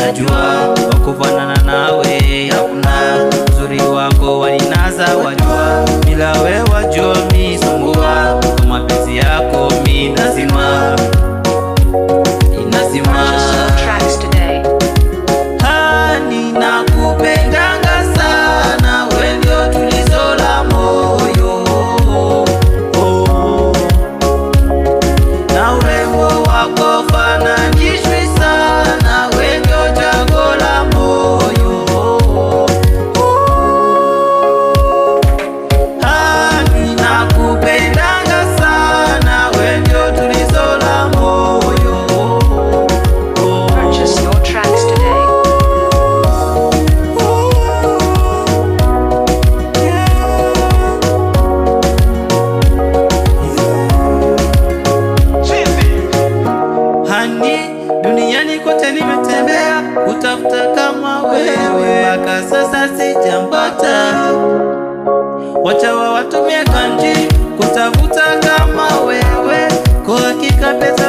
najua wakufanana nawe hakuna, uzuri wako walinaza wajua bila wewe mitaani, duniani kote nimetembea kutafuta kama wewe, mpaka sasa sijampata. Wacha watumie kanji kutafuta kama wewe, kwa hakika pesa